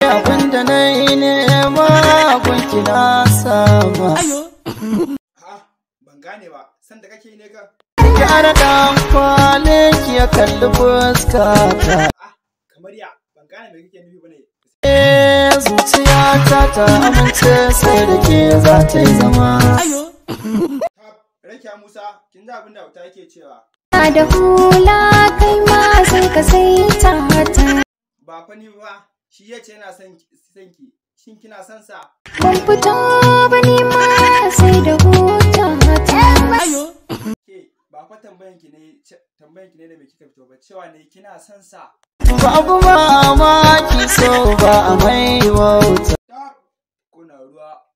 Abin da na yi nema gunki na sama. Ha, ban gane ba, da kake ne ka? Yara dan kwalin ya kalli fuska ta. Ah, kamar ya, ban gane me kake nufi eh, ta amince sai da ke za ta yi zama. Ayo. Rakiya Musa, kin ji abinda wuta yake cewa. da hula kai ma sai ka sai ta ba fa ni ba shi yace yana son ki shin kina son sa ban fito ba ni ma sai da hula huta ayo ke ba fa tambayan ki ne tambayan ki ne da me kika fito ba cewa ne kina son sa babu ki so ba mai wauta kuna ruwa